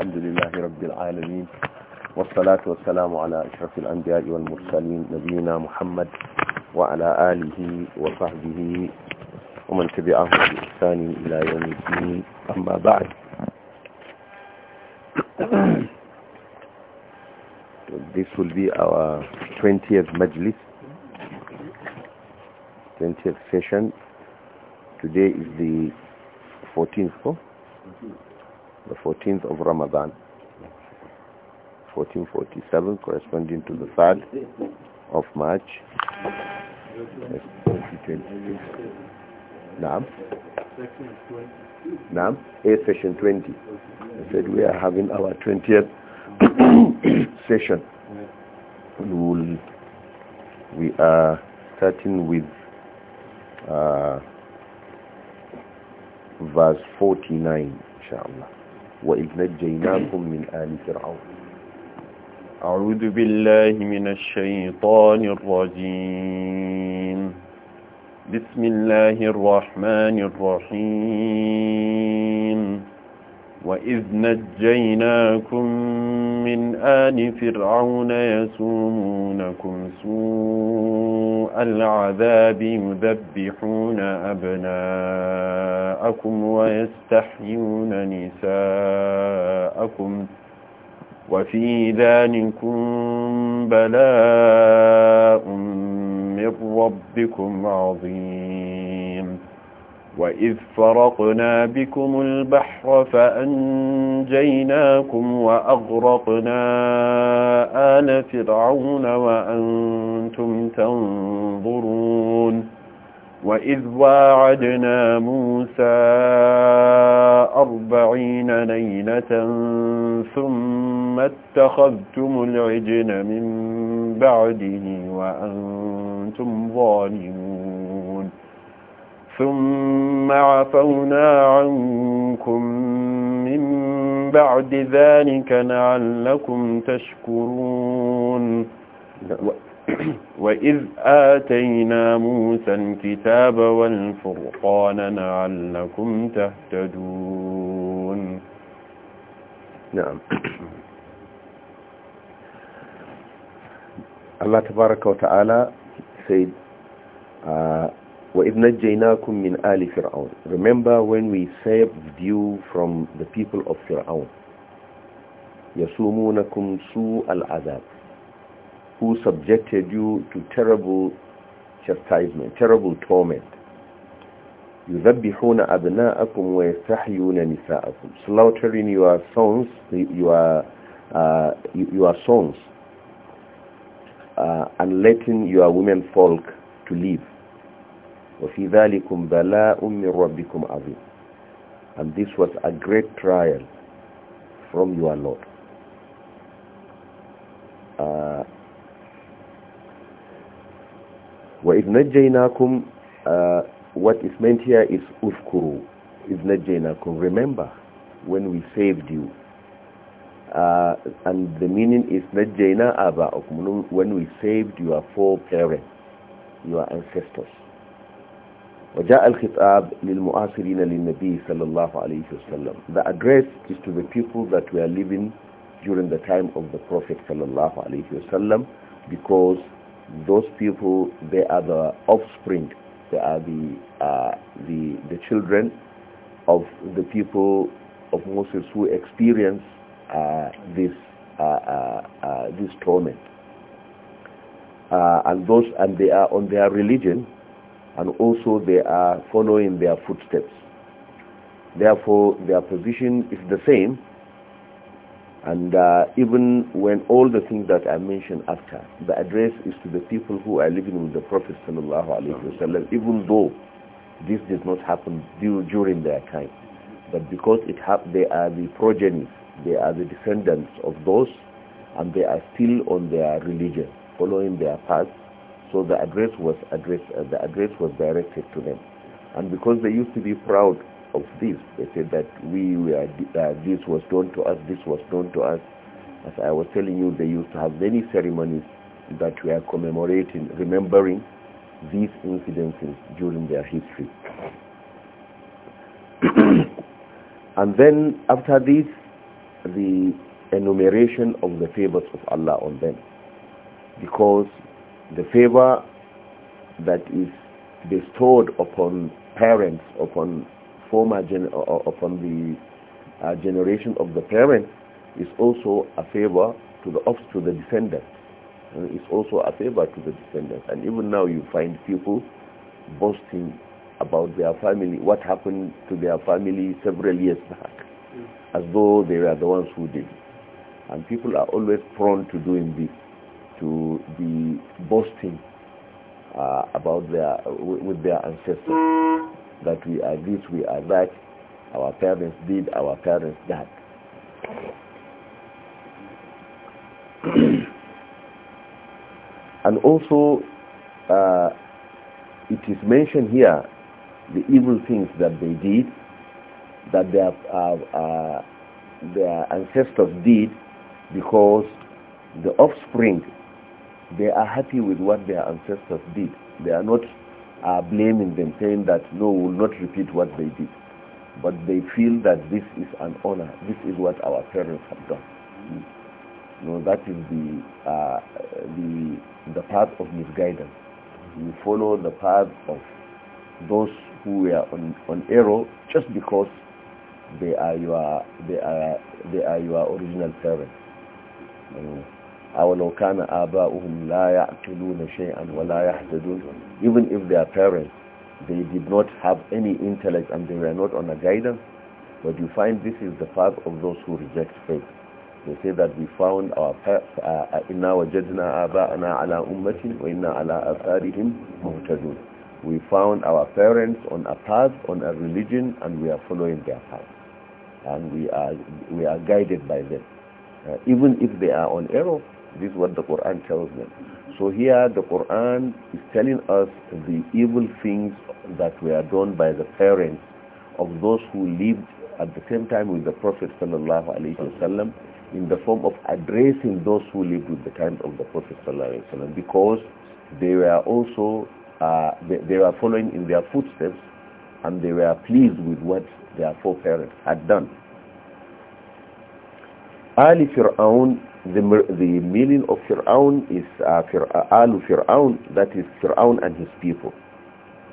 الحمد لله رب العالمين والصلاة والسلام على أشرف الأنبياء والمرسلين نبينا محمد وعلى آله وصحبه ومن تبعه بإحسان إلى يوم الدين أما بعد This will be our 20th majlis 20th session Today is the 14th, oh? the 14th of Ramadan, 1447, corresponding to the 3rd of March, 2020. Naam. A session 20. I said we are having our 20th session. We will. We are starting with uh, verse 49, inshallah. وإذ نجيناكم من آل فرعون أعوذ بالله من الشيطان الرجيم بسم الله الرحمن الرحيم وإذ نجيناكم من آل فرعون يسومونكم سوء العذاب يذبحون أبناءكم ويستحيون نساءكم وفي ذلكم بلاء من ربكم عظيم وإذ فرقنا بكم البحر فأنجيناكم وأغرقنا آل فرعون وأنتم تنظرون وإذ واعدنا موسى أربعين ليلة ثم اتخذتم العجن من بعده وأنتم ظالمون ثم عفونا عنكم من بعد ذلك لعلكم تشكرون وإذ آتينا موسى الكتاب والفرقان لعلكم تهتدون نعم الله تبارك وتعالى سيد آه وَإِذْ مِنْ آلِ فِرْعَوْنَ Remember when we saved you from the people of Fir'aun. يَسُومُونَكُمْ سُوءَ الْعَذَابِ Who subjected you to terrible chastisement, terrible torment. يُذَبِّحُونَ أَبْنَاءَكُمْ وَيَسْتَحْيُونَ نِسَاءَكُمْ Slaughtering your sons, your, uh, your sons, uh, and letting your women folk to live. وَفِي ذَلِكُمْ بَلَاءٌ مِّن رَبِّكُمْ عَظِيمٌ And this was a great trial from your Lord. Uh, وَإِذْ نَجَّيْنَاكُمْ uh, What is meant here is أُذْكُرُوا إِذْ نَجَّيْنَاكُمْ Remember when we saved you. Uh, and the meaning is نَجَّيْنَا أَبَاءَكُمْ When we saved your parents your ancestors. وجاء الخطاب للنبي صلى الله عليه وسلم the address is to the people that were living during the time of the Prophet صلى الله عليه وسلم because those people they are the offspring they are the uh, the the children of the people of Moses who experience uh, this uh, uh, uh this torment uh, and those and they are on their religion and also they are following their footsteps. Therefore, their position is the same, and uh, even when all the things that I mentioned after, the address is to the people who are living with the Prophet sallallahu even though this did not happen during their time. But because it they are the progeny, they are the descendants of those, and they are still on their religion, following their path, so the address was addressed. uh, the address was directed to them. And because they used to be proud of this, they said that we were, uh, this was done to us, this was done to us. As I was telling you, they used to have many ceremonies that were commemorating, remembering these incidences during their history. and then after this, the enumeration of the favors of Allah on them. Because the favor that is bestowed upon parents, upon former gen uh, uh, upon the uh, generation of the parents, is also a favor to the to the descendants. And it's also a favor to the descendants. And even now, you find people boasting about their family, what happened to their family several years back, mm. as though they were the ones who did. And people are always prone to doing this to be boasting uh, about their with their ancestors that we are this, we are that, our parents did, our parents that. and also, uh, it is mentioned here the evil things that they did, that their uh, uh their ancestors did, because the offspring they are happy with what their ancestors did. They are not uh, blaming them, saying that no, we will not repeat what they did. But they feel that this is an honor. This is what our parents have done. Mm. No, that is the, uh, the, the path of misguidance. You follow the path of those who were on, on error just because they are your, they are, they are your original parents. Mm. كان آباؤهم لا شيئا ولا يحتدون even if their parents they did not have any intellect and they were not on a guidance but you find this is the path of those who reject faith they say that we found our path uh, uh, إنا وجدنا آباءنا على أمة وإنا على آثارهم مهتدون we found our parents on a path on a religion and we are following their path and we are we are guided by them uh, even if they are on error this is what the Quran tells them. So here the Quran is telling us the evil things that were done by the parents of those who lived at the same time with the Prophet sallallahu alaihi wasallam in the form of addressing those who lived with the time of the Prophet sallallahu alaihi wasallam because they were also uh, they, they were following in their footsteps and they were pleased with what their foreparents had done. Ali Fir'aun the, the meaning of Fir'aun is uh, Fir uh, Alu Fir'aun, that is Fir'aun and his people.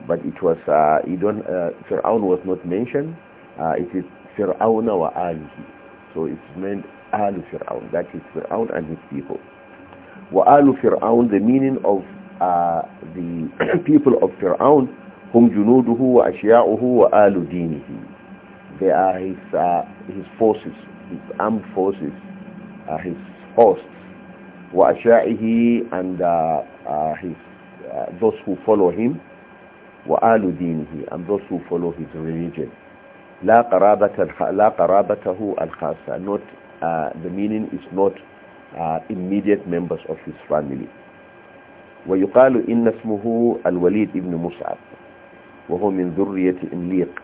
But it was, uh, you don't, uh, Fir'aun was not mentioned, uh, it is Fir'auna wa alihi. So it's meant Alu Fir'aun, that is Fir'aun and his people. Wa Alu Fir'aun, the meaning of uh, the people of Fir'aun, whom junuduhu wa ashya'uhu wa alu dinihi. They are his, uh, his forces, his armed forces, uh, his us وأشاعه and uh, uh, his, uh, those who follow him وآل دينه and those who follow his religion لا قرابة لا قرابته الخاصة not uh, the meaning is not uh, immediate members of his family ويقال إن اسمه الوليد ابن مصعب وهو من ذرية إمليق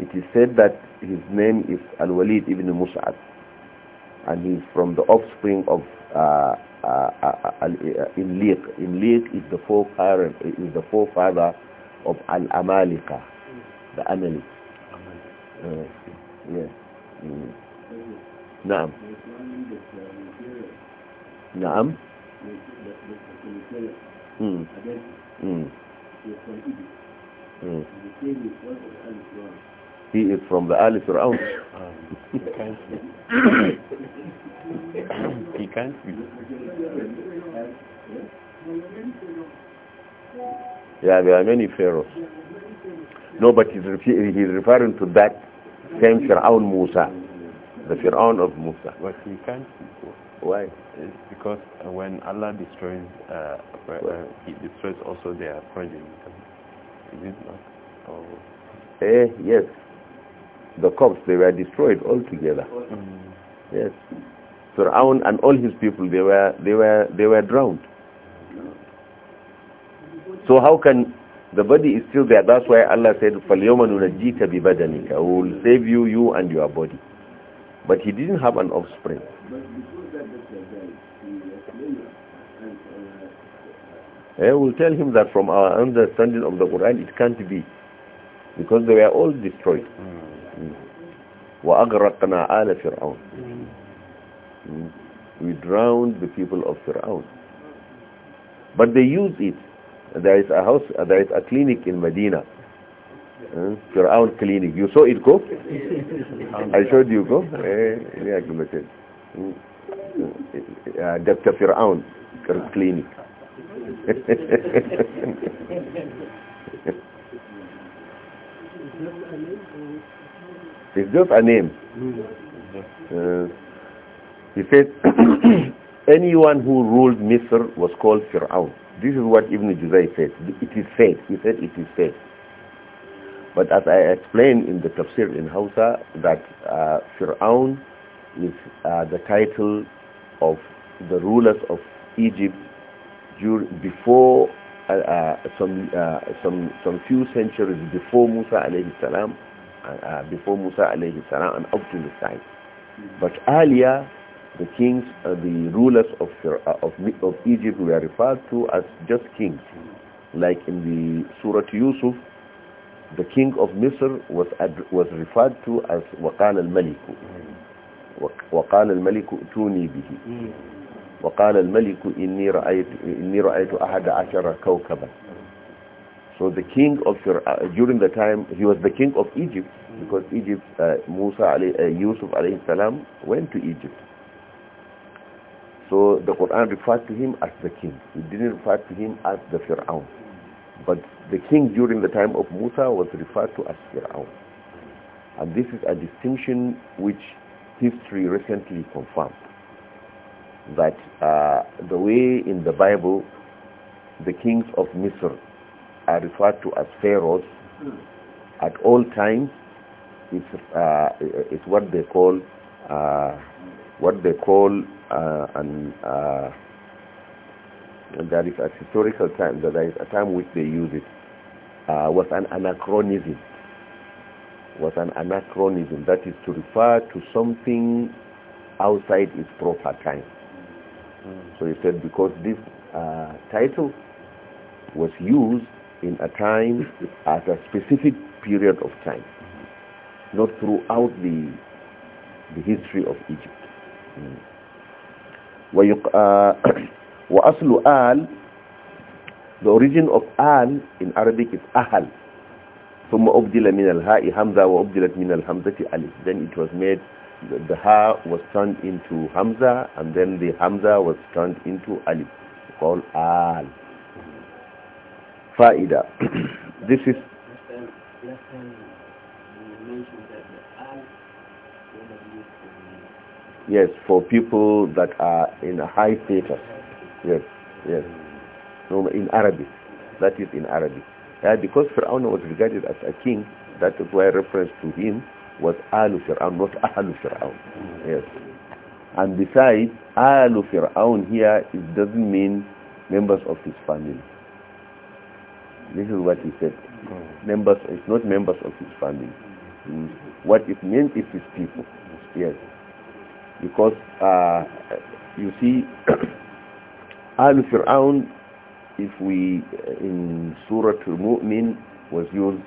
it is said that his name is الوليد ابن ibn and he's from the offspring of uh, uh, uh, uh, uh Imliq. Imliq is the forefather is the forefather of Al Amalika, the Amalik. Yes. yeah. Mm. Naam. Naam. Mm. Mm. Mm. He is from the Ali Fir'aun. he can't he can't be. Yeah, there are many pharaohs. No, but he's, he's referring to that same Fir'aun Musa, the Fir'aun of Musa. But he can't be. Why? It's because when Allah destroys, uh, uh He destroys also their progeny. Is it not? Or... Eh, yes the corpse, they were destroyed altogether. Mm. Yes. Fir'aun and all his people, they were, they were, they were drowned. So how can the body is still there? That's why Allah said, فَالْيَوْمَ نُنَجِّيكَ بِبَدَنِكَ We will save you, you and your body. But he didn't have an offspring. I eh, will tell him that from our understanding of the Quran, it can't be. Because they were all destroyed. Mm. وأغرقنا آل فرعون we drowned the people of Fir'aun but they use it there is a house there is a clinic in Medina uh, Fir'aun clinic you saw it go I showed you go uh, Dr. Fir'aun clinic It's just a name. Uh, he said, anyone who ruled Misr was called Fir'aun. This is what Ibn Juzay said. It is said. He said it is said. But as I explained in the tafsir in Hausa, that uh, Fir'aun is uh, the title of the rulers of Egypt before uh, uh some, uh, some, some few centuries before Musa alayhi salam uh, uh, before Musa alayhi salam and up to this time. But earlier, the kings, uh, the rulers of, uh, of, of Egypt were referred to as just kings. Like in the Surah Yusuf, the king of Misr was, was referred to as Waqal al-Malik. وقال الملك اتوني به وقال الملك إني رأيت, إني رأيت أحد عشر كوكبا so the king of Fir'aun, uh, during the time, he was the king of Egypt mm-hmm. because Egypt, uh, Musa, uh, Yusuf alayhi salam went to Egypt. So the Quran referred to him as the king. It didn't refer to him as the Fir'aun. But the king during the time of Musa was referred to as Fir'aun. And this is a distinction which history recently confirmed. That uh, the way in the Bible, the kings of Misr are referred to as pharaohs at all times it's uh, it's what they call uh, what they call uh, an uh, that is a historical time that is a time which they use it uh, was an anachronism was an anachronism that is to refer to something outside its proper time so he said because this uh, title was used in a time at a specific period of time, not throughout the, the history of Egypt. وَأَصْلُ mm. al. The origin of al in Arabic is أهل ثم أبدل من الهاء همزة وأبدلت من الهمزة alif. Then it was made the, the ha was turned into hamza and then the hamza was turned into alif called al Fa'ida. this is... Yes, for people that are in a high status. Yes, yes. No, in Arabic. That is in Arabic. Uh, because Fir'aun was regarded as a king, that is why reference to him was Alu Fir'aun, not Ahlu Fir'aun. Yes. And besides, Alu Fir'aun here, it doesn't mean members of his family. This is what he said. Members, it's not members of his family. What it means is his people. Yes. Because uh, you see, Al Fir'aun, if we in Surah Al-Mu'min, was used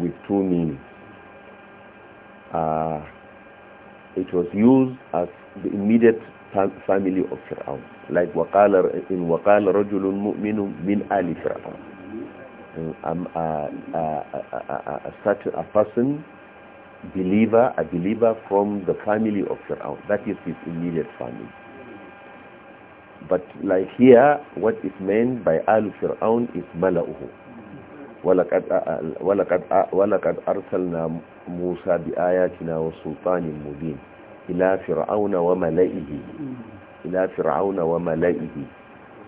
with two meanings. Uh, it was used as the immediate family of Fir'aun. Like وقال in وقال رجل مؤمن من آل فرعون um, a, a, a, a person believer, a believer from the family of Fir'aun. That is his immediate family. But like here, what is meant by Al Fir'aun is Mala'uhu. ولقد أرسلنا موسى بآياتنا وسلطان مبين إلى فرعون وملئه إلى فرعون وملئه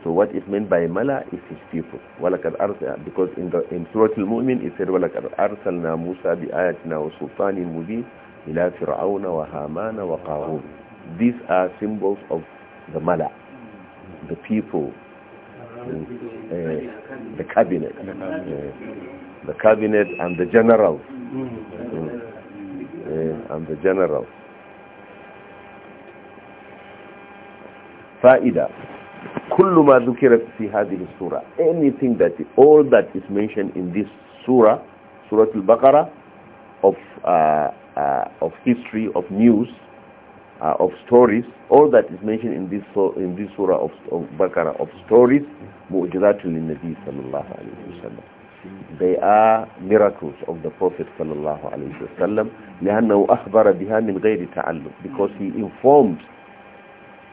So what is meant by Mala is his people. وَلَكَدْ أَرْسَلْنَا Because in, the, in Surah Al-Mu'min it said وَلَكَدْ أَرْسَلْنَا مُوسَى بِآيَاتِنَا وَسُلْطَانٍ مُبِينٍ إِلَى فِرْعَوْنَ وَهَامَانَ وَقَارُونَ These are symbols of the Mala, the people, the, cabinet, the cabinet and the generals, and the generals. فائدة كل ما ذكر في هذه السورة anything that all that is mentioned in this surah surah al-baqarah of uh, uh, of history of news uh, of stories all that is mentioned in this in this surah of, of baqarah of stories mu'jizatun lin-nabi sallallahu alayhi wasallam they are miracles of the prophet sallallahu alayhi wasallam لانه اخبر بها من غير تعلم because he informed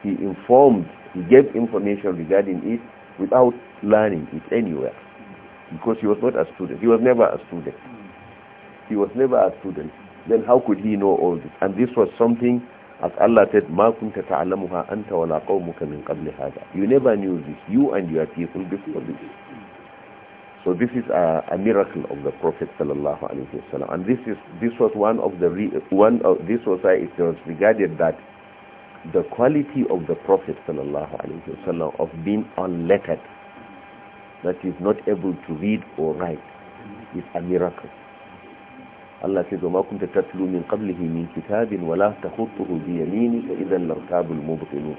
he informed he gave information regarding it without learning it anywhere because he was not a student. He was never a student. He was never a student. Then how could he know all this? And this was something, as Allah said, مَا كُنْتَ تَعْلَمُهَا أَنْتَ وَلَا قَوْمُكَ min qabli hada." You never knew this, you and your people before this. So this is a, a miracle of the Prophet sallallahu alaihi wasallam, and this is this was one of the re, one of this was it was regarded that the quality of the Prophet وسلم, of being unlettered, that is not able to read or write, is a miracle. Allah says, وَمَا كُنْتَ تَتْلُو مِنْ قَبْلِهِ مِنْ كِتَابٍ وَلَا تَخُطُّهُ بِيَمِينِكَ إِذًا لَارْتَابُ الْمُبْطِلُونَ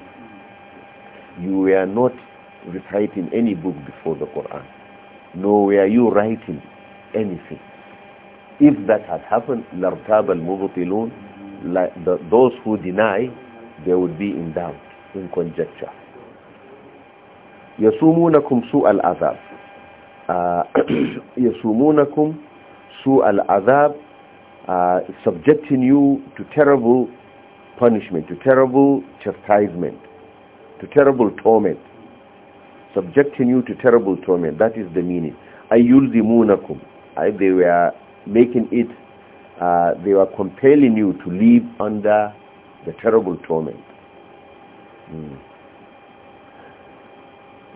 You were not reciting any book before the Quran, nor were you writing anything. If that had happened, لَارْتَابَ الْمُبْطِلُونَ like the, those who deny they would be in doubt, in conjecture. يَسُومُونَكُمْ سُوءَ الْعَذَابِ uh, يَسُومُونَكُمْ سُوءَ الْعَذَابِ uh, subjecting you to terrible punishment, to terrible chastisement, to terrible torment. Subjecting you to terrible torment. That is the meaning. أَيُلْزِمُونَكُمْ They were making it, uh, they were compelling you to live under the terrible torment. Mm.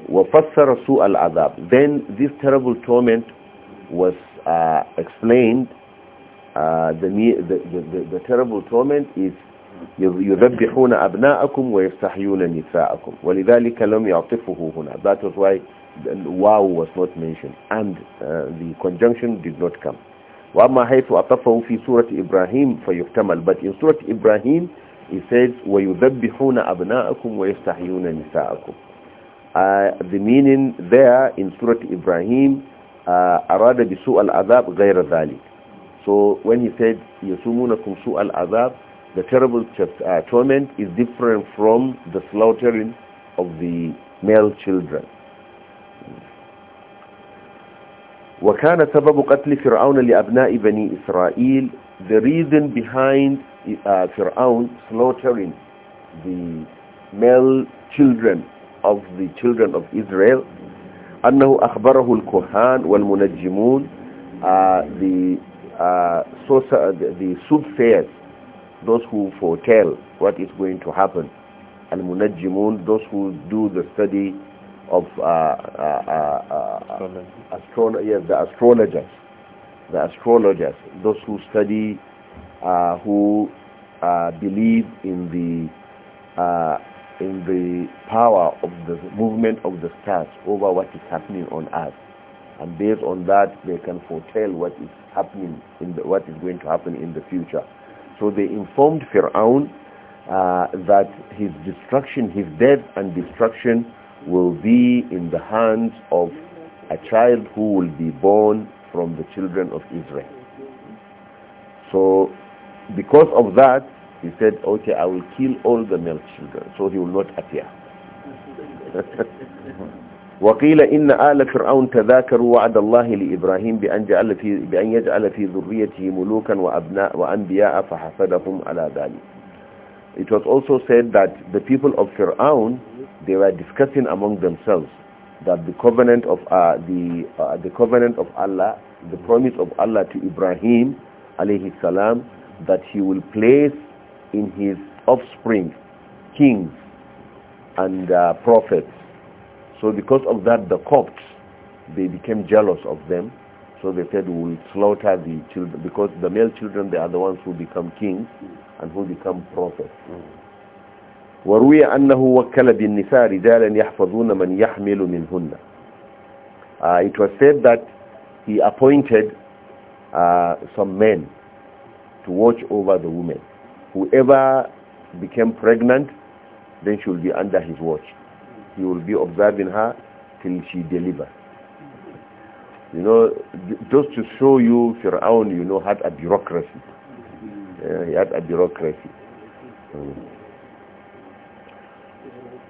وَفَسَّرَ سُوءَ الْعَذَابِ Then this terrible torment was uh, explained. Uh, the, the, the, the, terrible torment is يُذَبِّحُونَ أَبْنَاءَكُمْ وَيَسْتَحْيُونَ نِسَاءَكُمْ وَلِذَلك لَمْ يَعْطِفُهُ هُنَا That was why wow was not mentioned and uh, the conjunction did not come. وَأَمَّا حَيْثُ أَطَفَهُ فِي سُورَةِ إِبْرَاهِيمِ فَيُحْتَمَلْ But in Surah Ibrahim He said, وَيُذَبِّحُونَ أَبْنَاءَكُمْ وَيَسْتَحْيُونَ نِسَاءَكُمْ uh, The meaning there in Surah Ibrahim, أَرَادَ بِسُوءَ الْعَذَابِ غَيْرَ ذَلِكَ So when he said, يَسُومُونَكُمْ سُوءَ الْعَذَابِ The terrible uh, torment is different from the slaughtering of the male children. وكان سبب قتل فرعون لأبناء بني إسرائيل the reason behind uh, Fir'aun slaughtering the male children of the children of Israel أنه أخبره الكهان والمنجمون uh, the, uh, uh the, the soothsayers those who foretell what is going to happen al-munajjimun those who do the study of uh, uh, uh, uh yes, the astrologers the astrologers, those who study, uh, who uh, believe in the uh, in the power of the movement of the stars over what is happening on Earth, and based on that they can foretell what is happening in the, what is going to happen in the future. So they informed Pharaoh uh, that his destruction, his death and destruction, will be in the hands of a child who will be born from the children of Israel. So because of that, he said, okay, I will kill all the male children, so he will not appear. وقيل إن آل فرعون تذاكروا وعد الله لإبراهيم بأن, جعل في بأن يجعل في ذريته ملوكا وأبناء وأنبياء فحسدهم على ذلك. It was also said that the people of Fir'aun, they were discussing among themselves that the covenant of uh, the uh, the covenant of Allah, the promise of Allah to Ibrahim, alayhi salam, that He will place in His offspring kings and uh, prophets. So because of that, the Copts they became jealous of them. So they said, we will slaughter the children because the male children they are the ones who become kings and who become prophets. Mm. وروي أنه وكل بالنساء رجالا يحفظون من يحمل منهن uh, it was said that he appointed uh, some men to watch over the women whoever became pregnant then she will be under his watch he will be observing her till she delivers you know just to show you Fir'aun you know had a bureaucracy uh, he had a bureaucracy mm.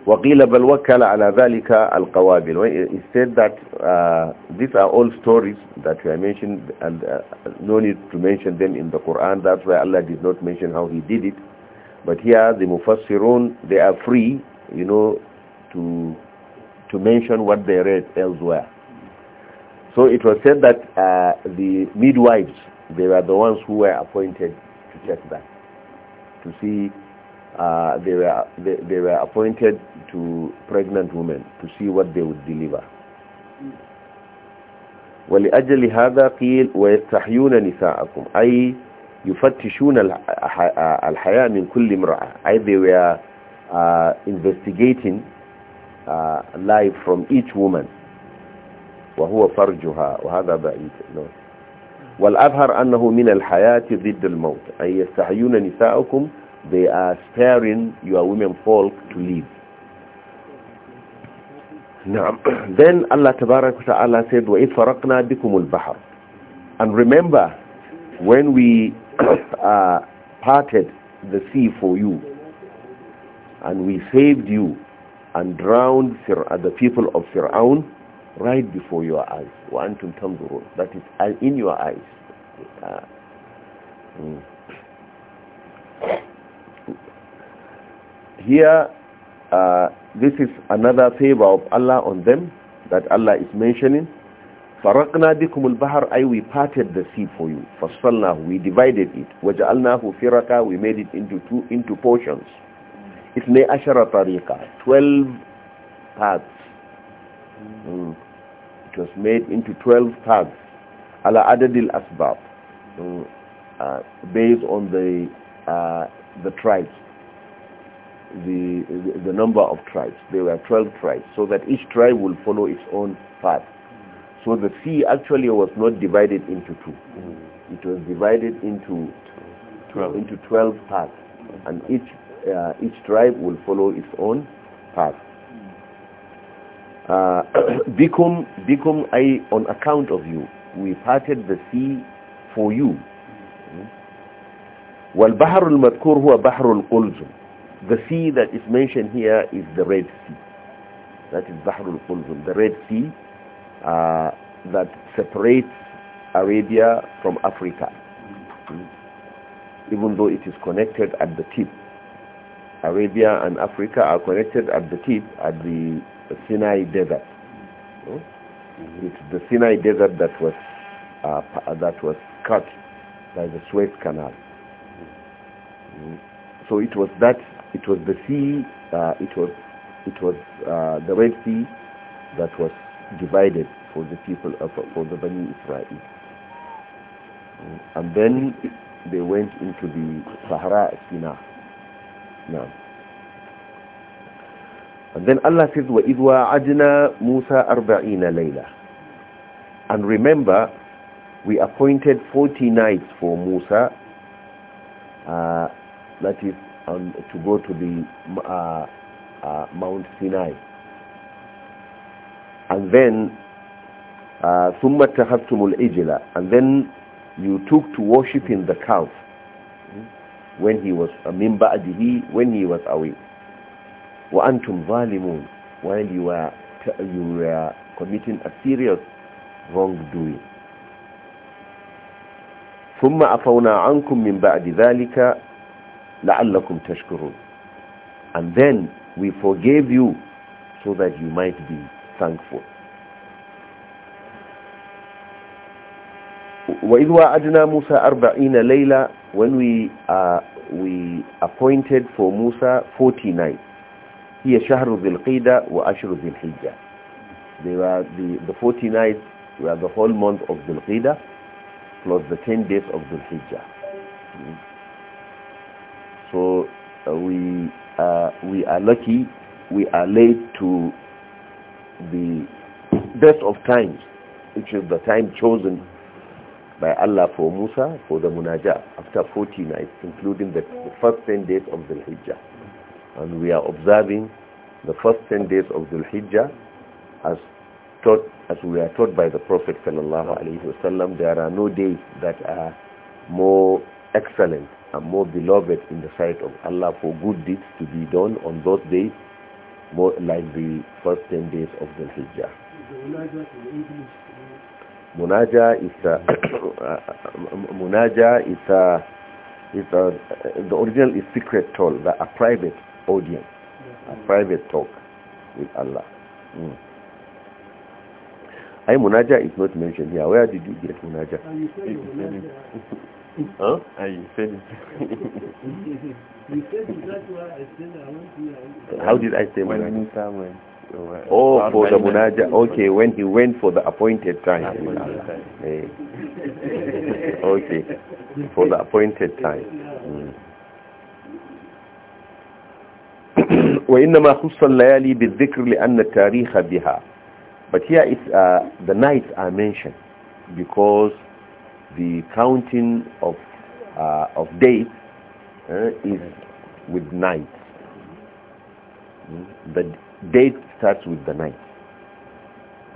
وقيل بل وكل على ذلك القوابل it said that uh, these are all stories that have mentioned and uh, no need to mention them in the Quran that's why Allah did not mention how he did it but here the mufassirun they are free you know to to mention what they read elsewhere so it was said that uh, the midwives they were the ones who were appointed to check that to see they, were, they, they, were appointed to pregnant women to see what they would deliver. ولأجل هذا قيل ويستحيون نساءكم أي يفتشون الحياة من كل امرأة أي they were uh, investigating uh, life from each woman وهو فرجها وهذا بعيد no. والأظهر أنه من الحياة ضد الموت أي يستحيون نساءكم they are sparing your women folk to live. then Allah Ta'ala said, وَإِذْ فَرَقْنَا بِكُمُ الْبَحْرِ And remember, when we uh, parted the sea for you, and we saved you, and drowned uh, the people of Fir'aun right before your eyes. وَأَنْتُمْ تَنْظُرُونَ That is uh, in your eyes. Uh, mm here uh, this is another favor of Allah on them that Allah is mentioning faraqna bikum al-bahr ay we parted the sea for you fasalnahu we divided it waja'alnahu firaka we made it into two into portions ithnay ashara tariqa 12 paths mm. it was made into 12 paths ala adad al-asbab based on the uh, the tribes the, the number of tribes. There were 12 tribes, so that each tribe will follow its own path. So the sea actually was not divided into two. Mm. It was divided into 12, into 12 paths, and each, uh, each tribe will follow its own path. Uh, Bikum, I, on account of you, we parted the sea for you. والبحر المذكور هو بحر القلزم the sea that is mentioned here is the Red Sea. That is Bahrul Qulzum, the Red Sea uh, that separates Arabia from Africa. Hmm. Even though it is connected at the tip. Arabia and Africa are connected at the tip at the Sinai Desert. Hmm? It's the Sinai Desert that was uh, that was cut by the Suez Canal. Hmm. So it was that it was the sea, uh, it was, it was uh, the Red Sea that was divided for the people, uh, of, for, the Bani Israel. And then they went into the Sahara Sina. Now. And then Allah says, وَإِذْ وَعَدْنَا مُوسَى أَرْبَعِينَ لَيْلَةً And remember, we appointed 40 nights for Musa, uh, that is on, to go to the uh, uh, Mount Sinai. And then, ثُمَّ تَخَفْتُمُ الْإِجِلَ And then you took to worshiping the calf when he was uh, min ba'dihi when he was away wa antum zalimun while you were you were committing a serious wrongdoing thumma afawna ankum min ba'di dhalika لَعَلَّكُمْ تَشْكُرُونَ And then we forgave you so that you might be thankful. وَإِذْ وَعَدْنَا مُوسَى أَرْبَعِينَ لَيْلَةً When we, uh, we appointed for Musa 40 nights. هي شهر ذي القيدة وأشهر ذي الحجة. They were the, the 40 nights were the whole month of ذي Qidah plus the 10 days of ذي الحجة. Mm -hmm. So uh, we, uh, we are lucky, we are late to the best of times, which is the time chosen by Allah for Musa for the Munajah after 40 nights, including the, the first 10 days of the Hijjah. And we are observing the first 10 days of the Hijjah as taught, as we are taught by the Prophet sallallahu alaihi wasallam. There are no days that are more excellent and more beloved in the sight of Allah for good deeds to be done on those days, more like the first 10 days of the Hijjah. Munaja is a, Munaja is a, is a, the original is secret talk, a private audience, a private talk with Allah. Mm. Munaja is not mentioned here. Where did you get Munaja? Ah, How did I say when went? Oh, for the munaja. Okay, when he went for the appointed time. Eh. okay, for the appointed time. Mm. وإنما خص الليالي بالذكر لأن التاريخ بها but here it's, uh, the nights are mentioned because the counting of uh, of days uh, is with night. Mm. The date starts with the night.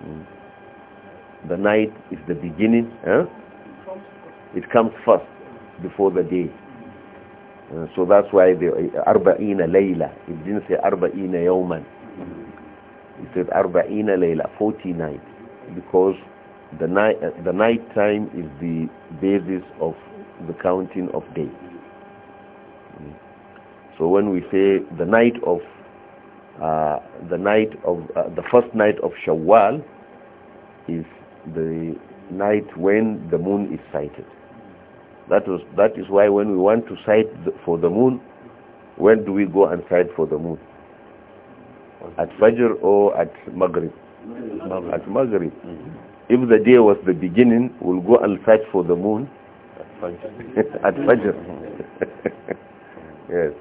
Mm. The night is the beginning. Eh? It comes first before the day. Uh, so that's why the uh, arba'ina layla. It didn't say arba'ina yawman. It said arba'ina layla, 40 nights. Because the night uh, the night time is the basis of the counting of day mm. so when we say the night of uh, the night of uh, the first night of Shawwal is the night when the moon is sighted that was that is why when we want to sight for the moon when do we go and sight for the moon at Fajr or at Maghrib at Maghrib mm -hmm. If the day was the beginning, we'll go and search for the moon at Fajr. yes.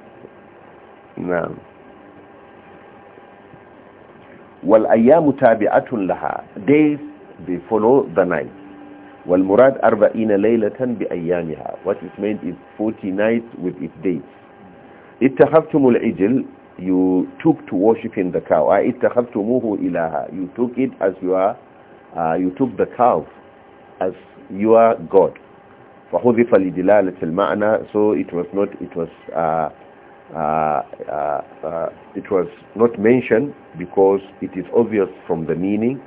Now. والأيام تابعة لها days they follow the night والمراد أربعين ليلة بأيامها what it meant is 40 nights with its dates اتخذتم العجل you took to worshiping the cow اتخذتموه إلها you took it as your uh, you took the calf as your god فحذف لدلالة المعنى so it was not it was uh, uh, uh, uh it was not mentioned because it is obvious from the meaning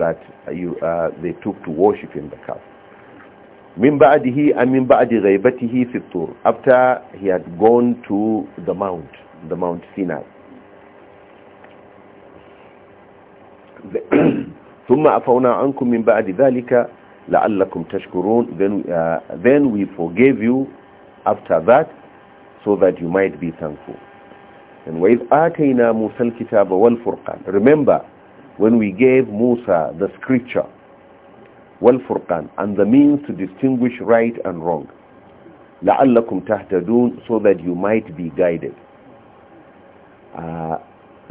that you uh, they took to worship in the calf من بعده من بعد غيبته في الطور after he had gone to the mount the mount Sinai the ثم أفونا عنكم من بعد ذلك لعلكم تشكرون then, uh, then we forgave you after that so that you might be thankful and وإذ آتينا موسى الكتاب والفرقان remember when we gave Musa the scripture والفرقان and the means to distinguish right and wrong لعلكم تهتدون so that you might be guided uh,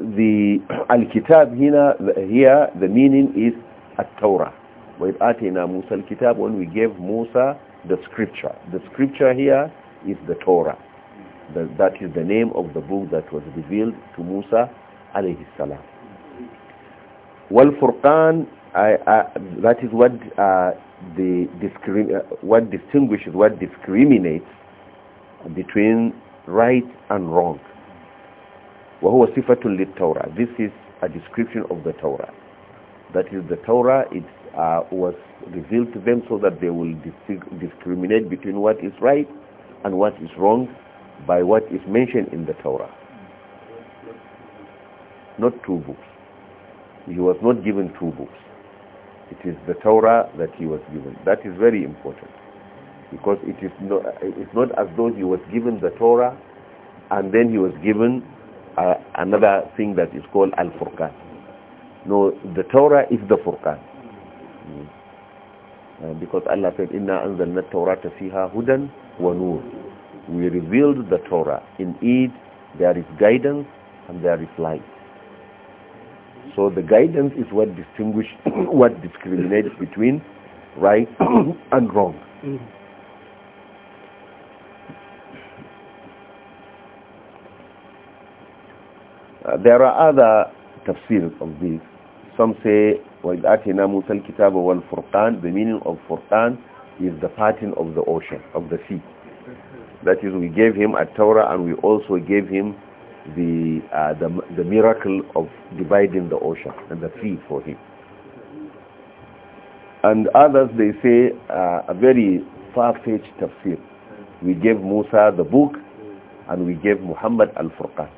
the al-kitab here, here the meaning is at-Torah. Musa Al Kitab, When we gave Musa the scripture. The scripture here is the Torah. The, that is the name of the book that was revealed to Musa alayhi salam. Wal-Furqan, that is what, uh, the uh, what distinguishes, what discriminates between right and wrong. وهو صفة للتوراة this is a description of the Torah that is the Torah it uh, was revealed to them so that they will discriminate between what is right and what is wrong by what is mentioned in the Torah not two books he was not given two books it is the Torah that he was given that is very important because it is not, it's not as though he was given the Torah and then he was given uh, another thing that is called Al-Furqan. No, the Torah is the Furqan. Mm. Uh, because Allah said, Inna anzalna Torah fiha hudan wa nur. We revealed the Torah. In it there is guidance and there is light. So the guidance is what distinguishes, what discriminates between right and wrong. Mm. Uh, there are other tafsirs of this. Some say, وَإِذْ Musa Kitab kitaba wal-Furqan The meaning of Furqan is the parting of the ocean, of the sea. That is, we gave him a Torah and we also gave him the, uh, the, the miracle of dividing the ocean and the sea for him. And others, they say, uh, a very far-fetched tafsir. We gave Musa the book and we gave Muhammad al-Furqan.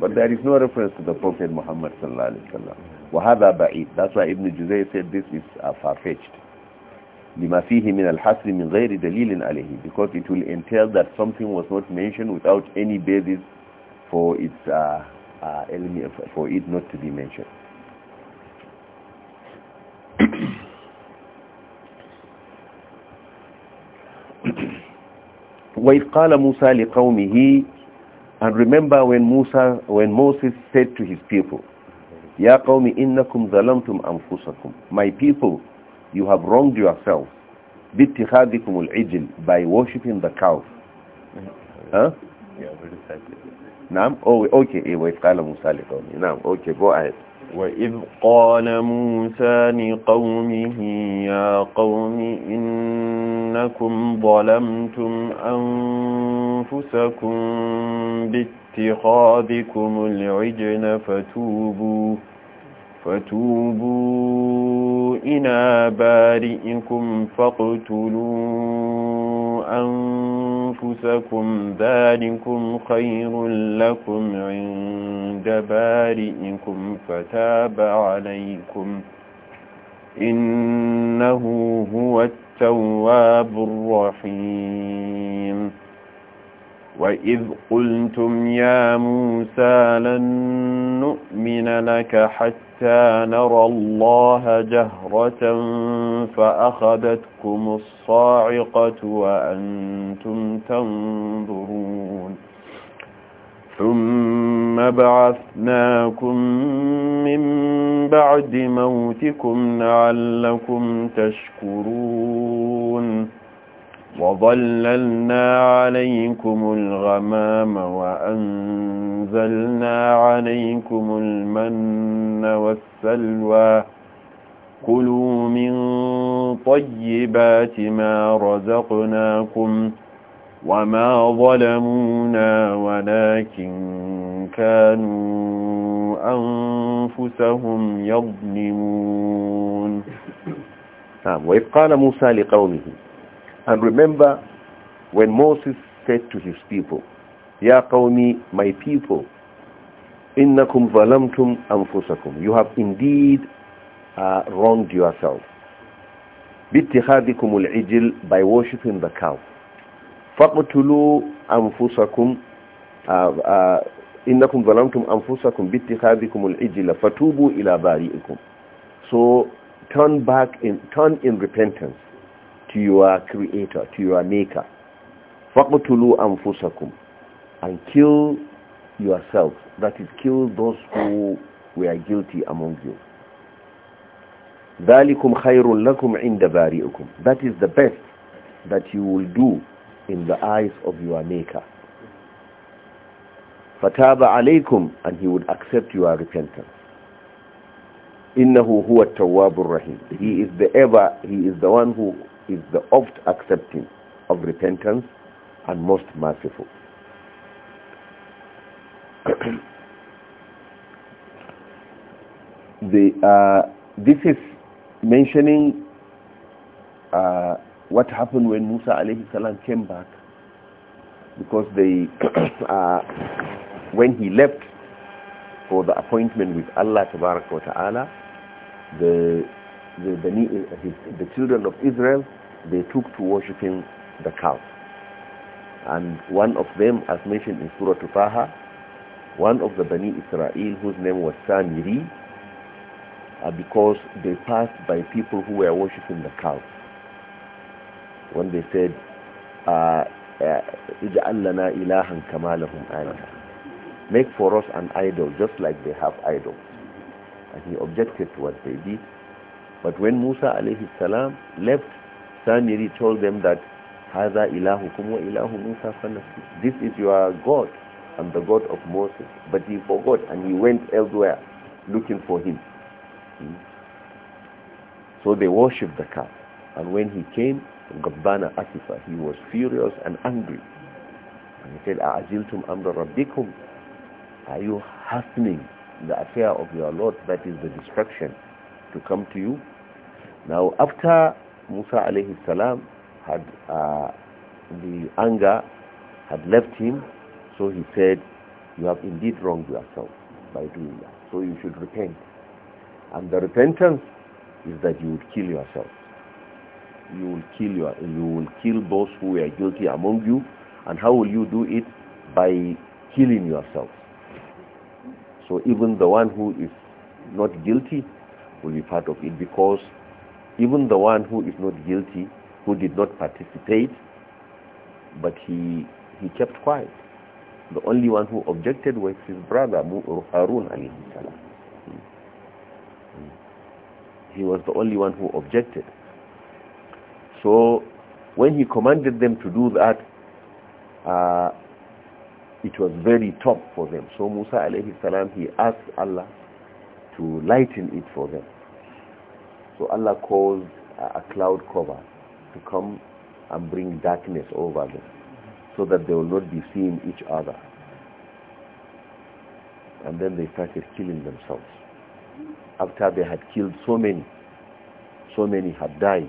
But there is no reference to the Prophet Muhammad sallallahu alaihi wasallam. وَهَذَا That's why Ibn Juzay said this is uh, far-fetched. لِمَا فِيهِ مِنَ الْحَسْرِ مِنْ غَيْرِ دَلِيلٍ عَلَيْهِ Because it will entail that something was not mentioned without any basis for its uh, uh, for it not to be mentioned. وإذ قال موسى لقومه and remember when Musa, when Moses said to his people, Ya qawmi innakum zalamtum anfusakum. My people, you have wronged yourselves. by worshipping the calf. Huh? Yeah, we decided. Naam? Oh, okay. Iwa eh, ifqala Musa okay, go ahead. وإذ قال موسى لقومه يا قوم إنكم ظلمتم أنفسكم باتخاذكم العجن فتوبوا فتوبوا إلى بارئكم فاقتلوا أنفسكم ذلكم خير لكم عند بارئكم فتاب عليكم إنه هو التواب الرحيم وإذ قلتم يا موسى لن نؤمن لك حتى نرى الله جهرة فأخذتكم الصاعقة وأنتم تنظرون ثم بعثناكم من بعد موتكم لعلكم تشكرون وظللنا عليكم الغمام وأنزلنا عليكم المن والسلوى كلوا من طيبات ما رزقناكم وما ظلمونا ولكن كانوا أنفسهم يظلمون نعم، وإذ قال موسى لقومه And remember when Moses said to his people, Ya qawmi, my people, innakum zalamtum anfusakum. You have indeed uh, wronged yourself. باتخاذكم العجل by worshipping the cow. فاقتلوا أنفسكم إنكم ظلمتم أنفسكم باتخاذكم العجل فتوبوا إلى بارئكم. So turn back in turn in repentance to your creator, to your maker. فَقْتُلُوا أَنفُسَكُمْ And kill yourselves. That is, kill those who were guilty among you. ذَلِكُمْ خَيْرٌ لَكُمْ عِنْدَ بَارِئُكُمْ That is the best that you will do in the eyes of your maker. Fataba عَلَيْكُمْ And he would accept your repentance. إِنَّهُ huwa التَّوَّابُ rahim. He is the ever, he is the one who is the oft accepting of repentance and most merciful. the, uh, this is mentioning uh, what happened when Musa alayhi salam came back because they uh, when he left for the appointment with Allah wa ta'ala the the, the, the children of Israel they took to worshipping the cow. And one of them, as mentioned in Surah Tufaha, one of the Bani Israel whose name was Samiri, uh, because they passed by people who were worshipping the cow. When they said, اجعل uh, uh, ilahan إلها كما make for us an idol just like they have idols and he objected to what they did but when Musa alayhi salam left Samiri told them that Haza ilahukum wa ilahu Musa This is your God and the God of Moses. But he forgot and he went elsewhere looking for him. Hmm? So they worshipped the calf. And when he came, Gabbana Asifa, he was furious and angry. And he said, A'aziltum amra rabbikum. Are you hastening the affair of your Lord, that is the destruction, to come to you? Now after Musa alayhi salam had uh, the anger had left him, so he said, you have indeed wronged yourself by doing that. So you should repent. And the repentance is that you would kill yourself. You will kill your, you will kill those who are guilty among you. And how will you do it? By killing yourself. So even the one who is not guilty will be part of it because even the one who is not guilty, who did not participate, but he, he kept quiet. The only one who objected was his brother, Harun alayhi salam. He was the only one who objected. So when he commanded them to do that, uh, it was very tough for them. So Musa alayhi salam, he asked Allah to lighten it for them. So Allah caused a cloud cover to come and bring darkness over them so that they will not be seeing each other. And then they started killing themselves. After they had killed so many, so many had died,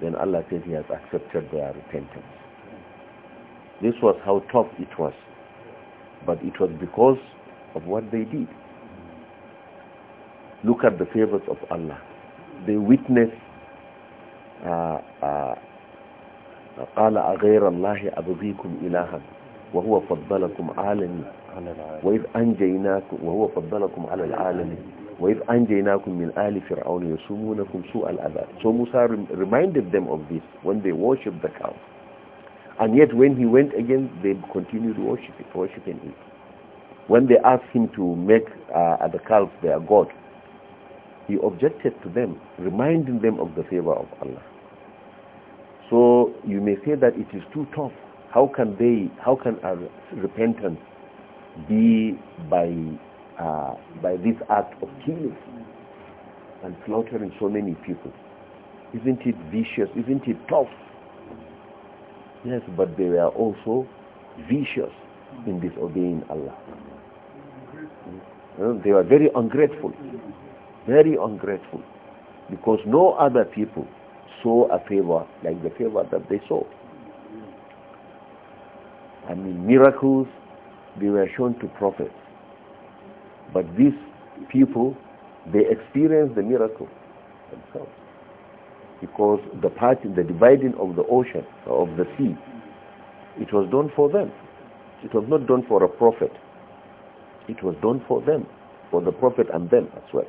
then Allah said he has accepted their repentance. This was how tough it was. But it was because of what they did. Look at the favors of Allah they witness uh, uh, قال أغير الله أبغيكم إلها وهو فضلكم عالمي وإذ أنجيناكم وهو فضلكم على الْعَالَمِ وإذ أنجيناكم من آل فرعون يسومونكم سوء العذاب so Musa reminded them of this when they worshipped the cow and yet when he went again they continued worshiping, worshiping it when they asked him to make uh, the calf their god he objected to them, reminding them of the favor of Allah. So you may say that it is too tough. How can they, how can our repentance be by, uh, by this act of killing and slaughtering so many people? Isn't it vicious? Isn't it tough? Yes, but they were also vicious in disobeying Allah. Hmm? They were very ungrateful very ungrateful because no other people saw a favor like the favor that they saw. I mean, miracles, they were shown to prophets. But these people, they experienced the miracle themselves. Because the part, the dividing of the ocean, of the sea, it was done for them. It was not done for a prophet. It was done for them, for the prophet and them as well.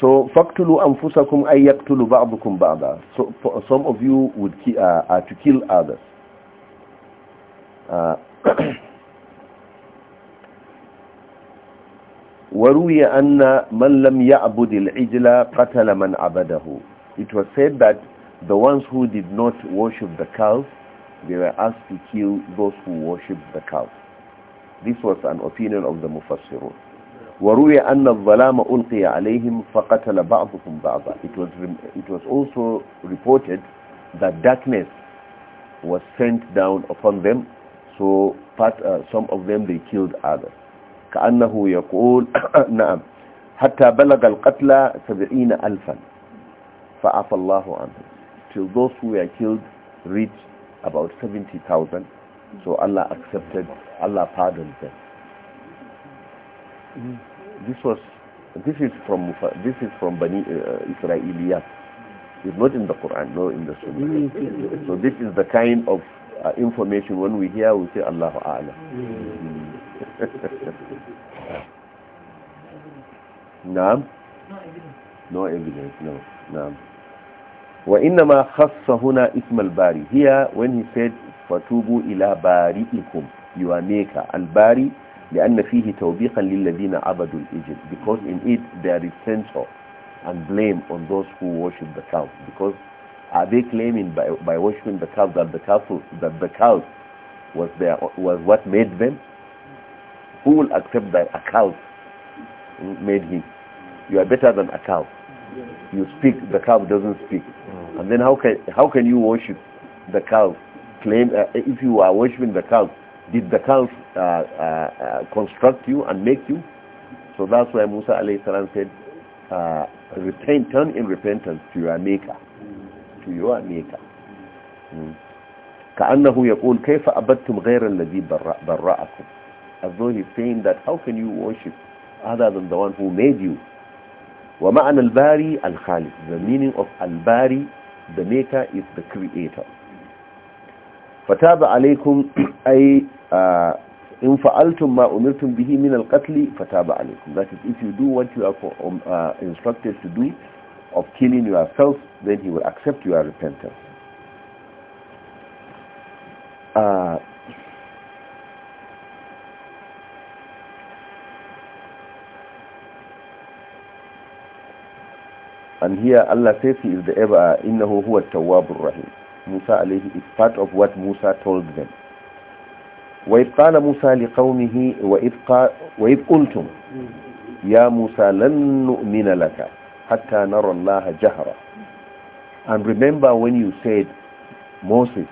So faktulu anfusakum ay yaqtulu ba'dukum ba'da. So for, some of you would ki, uh, are uh, to kill others. Uh, وروي أن من لم يعبد العجل قتل من عبده It was said that the ones who did not worship the calf, they were asked to kill those who worshiped the calf. This was an opinion of the Mufassirun. وروي أن الظلام ألقي عليهم فقتل بعضهم بعضا it was, it was also reported that darkness was sent down upon them so part, uh, some of them they killed others كأنه يقول نعم حتى بلغ القتلى سبعين ألفا فعفى الله عنهم till those who were killed reached about 70,000 so Allah accepted Allah pardoned them This was this is from this is from Bani uh, Israeliyat. It's not in the Quran, no, in the Sunnah. Mm. so this is the kind of uh, information when we hear, we say Allahu A'la. Mm. نعم no evidence no نعم وإنما خص هنا اسم الباري here when he said فتوبوا إلى بارئكم your maker al لأن فيه للذين عبدوا الإجل because in it there is censure and blame on those who worship the calf because are they claiming by, by worshiping the calf that the calf that the calf was there was what made them who will accept that a calf made him you are better than a calf you speak the calf doesn't speak and then how can how can you worship the calf claim uh, if you are worshiping the calf did the cows uh, uh, uh, construct you and make you? So that's why Musa alayhi salam said, uh, repent, turn in repentance to your maker. To your maker. Mm. كأنه يقول كيف أبدتم غير الذي برأكم as though he's saying that how can you worship other than the one who made you ومعنى الباري الخالق the meaning of al the maker is the creator فتاب عليكم أي إن فعلتم ما أمرتم به من القتل فتاب عليكم that is if you do what you are instructed to do of killing yourself then he will accept your repentance uh, and here Allah says he is the ever innahu huwa التواب tawwabur rahim Musa alayhi is part of what Musa told them. وإذ قال موسى لقومه وإذ, قا وإذ قلتم يا موسى لن نؤمن لك حتى نرى الله جَهَرًا. And remember when you said, Moses,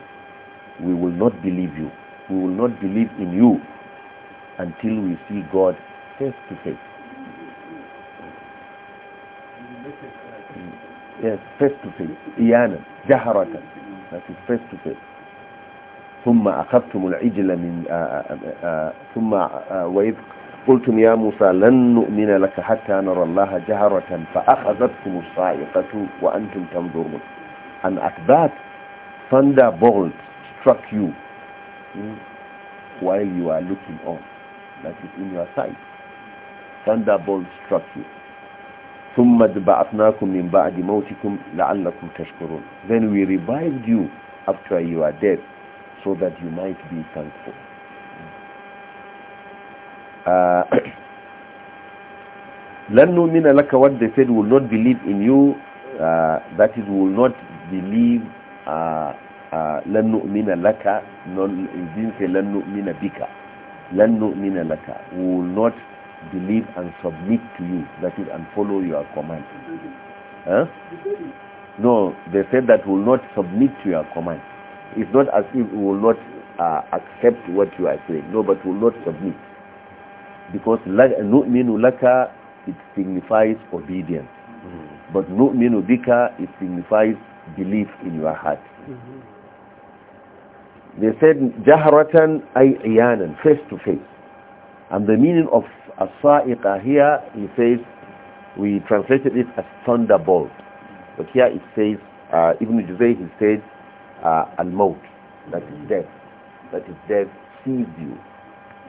we will not believe you. We will not believe in you until we see God face to face. Yes, face to face. Iyana, jaharatan. that is face to face ثم أخذتم العجل من ثم وإذ قلتم يا موسى لن نؤمن لك حتى نرى الله جهرة فأخذتكم الصاعقة وأنتم تنظرون and at that thunderbolt struck you while you are looking on that is in your sight thunderbolt struck you ثم بعثناكم من بعد موتكم لعلكم تشكرون then we revived you after your death so that you might be thankful لن نؤمن لك what they said will not believe in you uh, that is will not believe uh, uh, لن نؤمن لك it didn't say لن نؤمن بك لن نؤمن لك will not believe and submit to you, that is, and follow your command. Huh? No, they said that will not submit to your command. It's not as if we will not uh, accept what you are saying. No, but will not submit. Because minu laka, it signifies obedience. Mm -hmm. But nu'minu bika, it signifies belief in your heart. Mm -hmm. They said jaharatan ay iyanan, face to face. And the meaning of as-sa'iqa here, he says, we translated it as thunderbolt. But here it says, uh, Ibn Juzay, he says, uh, al-maut, that is death. That is death seized you.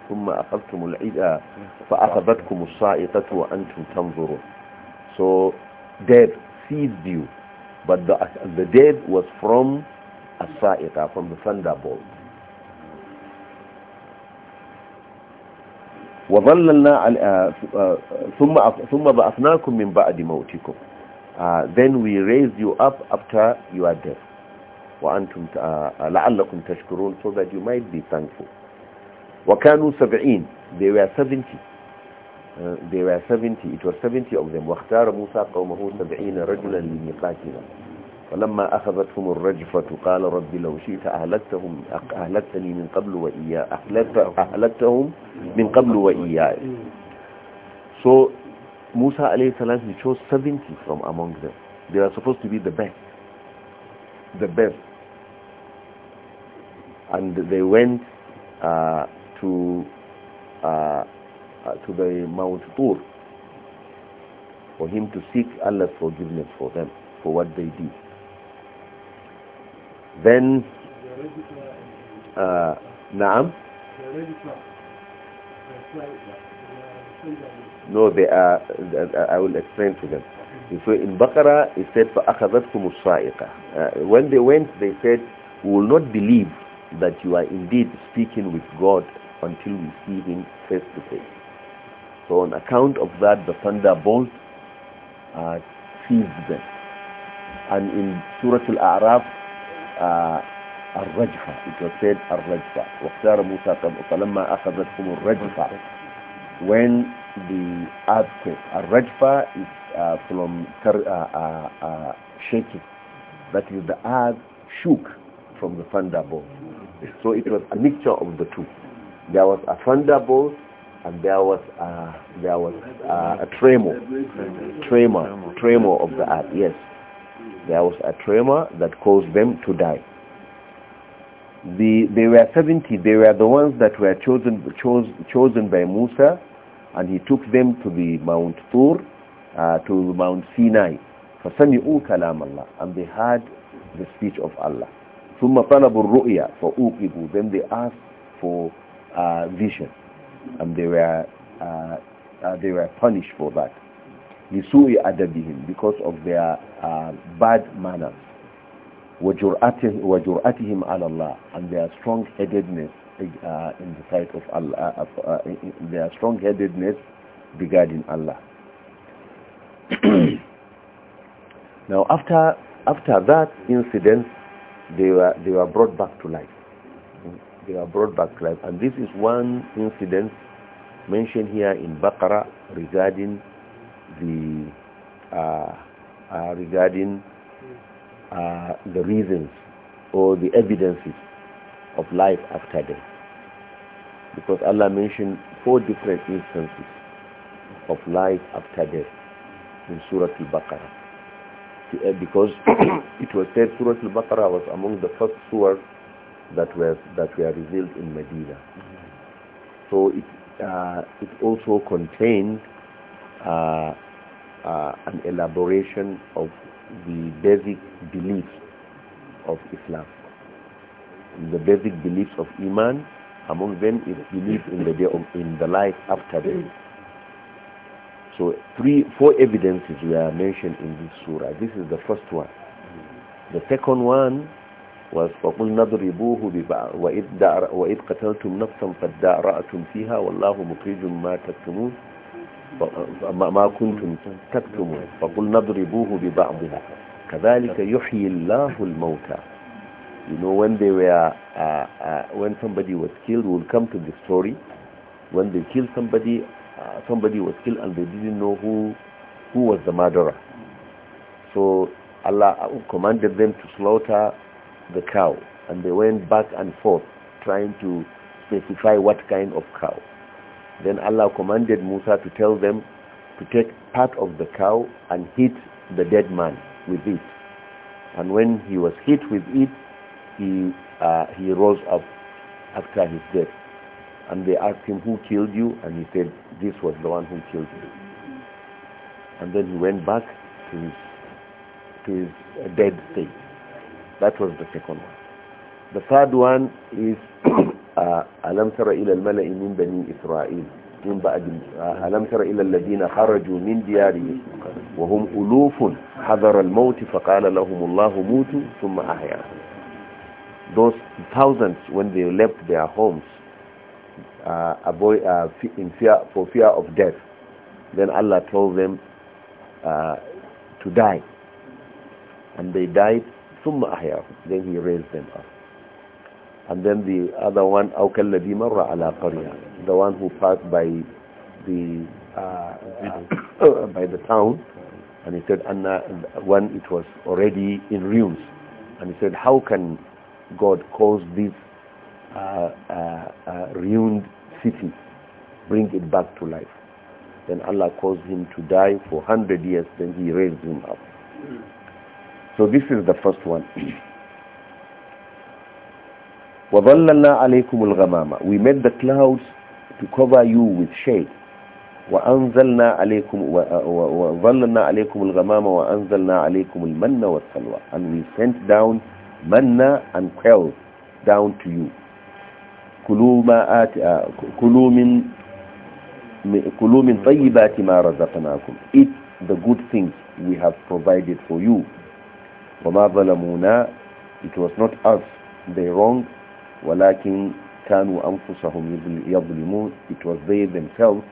ثم أخذتم العيد uh, فأخذتكم الصائقة وأنتم تنظرون so death seized you but the, the death was from a from the thunderbolt وظللنا آه، ثم ثم بعثناكم من بعد موتكم آه، then we raise you up after your death وأنتم آه، لعلكم تشكرون so that you might be thankful وكانوا سبعين they were 70 Uh, they were 70 it was 70 of them واختار موسى قومه سبعين رجلا لميقاتنا فلما أخذتهم الرجفة قال رب لو شئت أهلكتهم أهلكتني من قبل وإياي أهلكتهم من قبل وإياي So Musa عليه السلام he chose 70 from among them they are supposed to be the best the best and they went uh, to uh, to the Mount Tur for him to seek Allah's forgiveness for them for what they did then uh, Naam? No, they are, uh, I will explain to them. So in Baqarah, it said, فَأَخَذَتْكُمُ الصَّائِقَةِ uh, When they went, they said, we will not believe that you are indeed speaking with God until we see him face to face. So on account of that, the thunderbolt uh, seized them. And in Surah Al-A'raf, الرجفة it was said الرجفة واختار موسى فلما أخذتكم الرجفة when the earthquake الرجفة is uh, from uh, uh, shaking that is the earth shook from the thunderbolt so it was a mixture of the two there was a thunderbolt and there was a, there was a, a tremor tremor tremor of the earth yes there was a tremor that caused them to die. The, they were 70. They were the ones that were chosen, chose, chosen by Musa, and he took them to the Mount Tur, uh, to Mount Sinai. فَسَمِعُوا كَلَامَ اللَّهِ And they heard the speech of Allah. ثُمَّ طَلَبُوا الرُّؤْيَا فَأُوْقِبُوا Then they asked for uh, vision, and they were, uh, uh they were punished for that. لسوء أدبهم because of their uh, bad manners وجرأته, وجرأتهم على الله and their strong-headedness uh, in the sight of Allah uh, uh their strong-headedness regarding Allah now after after that incident they were they were brought back to life they were brought back to life and this is one incident mentioned here in Baqarah regarding the uh, uh, regarding uh, the reasons or the evidences of life after death. Because Allah mentioned four different instances of life after death in Surah Al-Baqarah. Because it was said Surah Al-Baqarah was among the first surahs that were, that were revealed in Medina. So it, uh, it also contained uh, uh, an elaboration of the basic beliefs of Islam. The basic beliefs of Iman, among them is belief in the day of, in the life after death. So three, four evidences were mentioned in this surah. This is the first one. The second one was فَقُلْ نَضْرِبُوهُ بِبَعْضٍ وَإِذْ قَتَلْتُمْ نَفْسًا فَادَّارَأْتُمْ فِيهَا وَاللَّهُ مُخْرِجٌ مَا تَكْتُمُونَ ما you know when they were uh, uh, when somebody was killed we'll come to the story when they killed somebody uh, somebody was killed and they didn't know who who was the murderer so Allah uh, commanded them to slaughter the cow and they went back and forth trying to specify what kind of cow then Allah commanded Musa to tell them to take part of the cow and hit the dead man with it. And when he was hit with it, he, uh, he rose up after his death. And they asked him, who killed you? And he said, this was the one who killed me. And then he went back to his, to his uh, dead state. That was the second one. The third one is ألم تر إلى الملأ من بني إسرائيل من بعد ألم تر إلى الذين خرجوا من ديارهم وهم ألوف حذر الموت فقال لهم الله موتوا ثم أحيا Those thousands when they left their homes uh, avoid, uh, in fear, for fear of death then Allah told them uh, to die and they died ثم أحياهم then he raised them up and then the other one al ladhi marra ala qarya the one who passed by the uh, uh, uh by the town and he said anna when it was already in ruins and he said how can god cause this uh, uh, uh, ruined city bring it back to life then allah caused him to die for 100 years then he raised him up so this is the first one وَظَلَّلْنَا عَلَيْكُمُ We made the clouds to cover you with shade. وَأَنزَلْنَا عَلَيْكُمْ وَظَلَّلْنَا عَلَيْكُمُ وَأَنزَلْنَا عَلَيْكُمُ الْمَنَّ وَالسَّلْوَى And we sent down manna and quail down to you. كُلُوا مَا آتِ كُلُوا مِنْ كُلُوا مِنْ طَيِّبَاتِ مَا رَزَقْنَاكُمْ Eat the good things we have provided for you. وَمَا ظَلَمُونَا It was not us they wronged walakin it was they themselves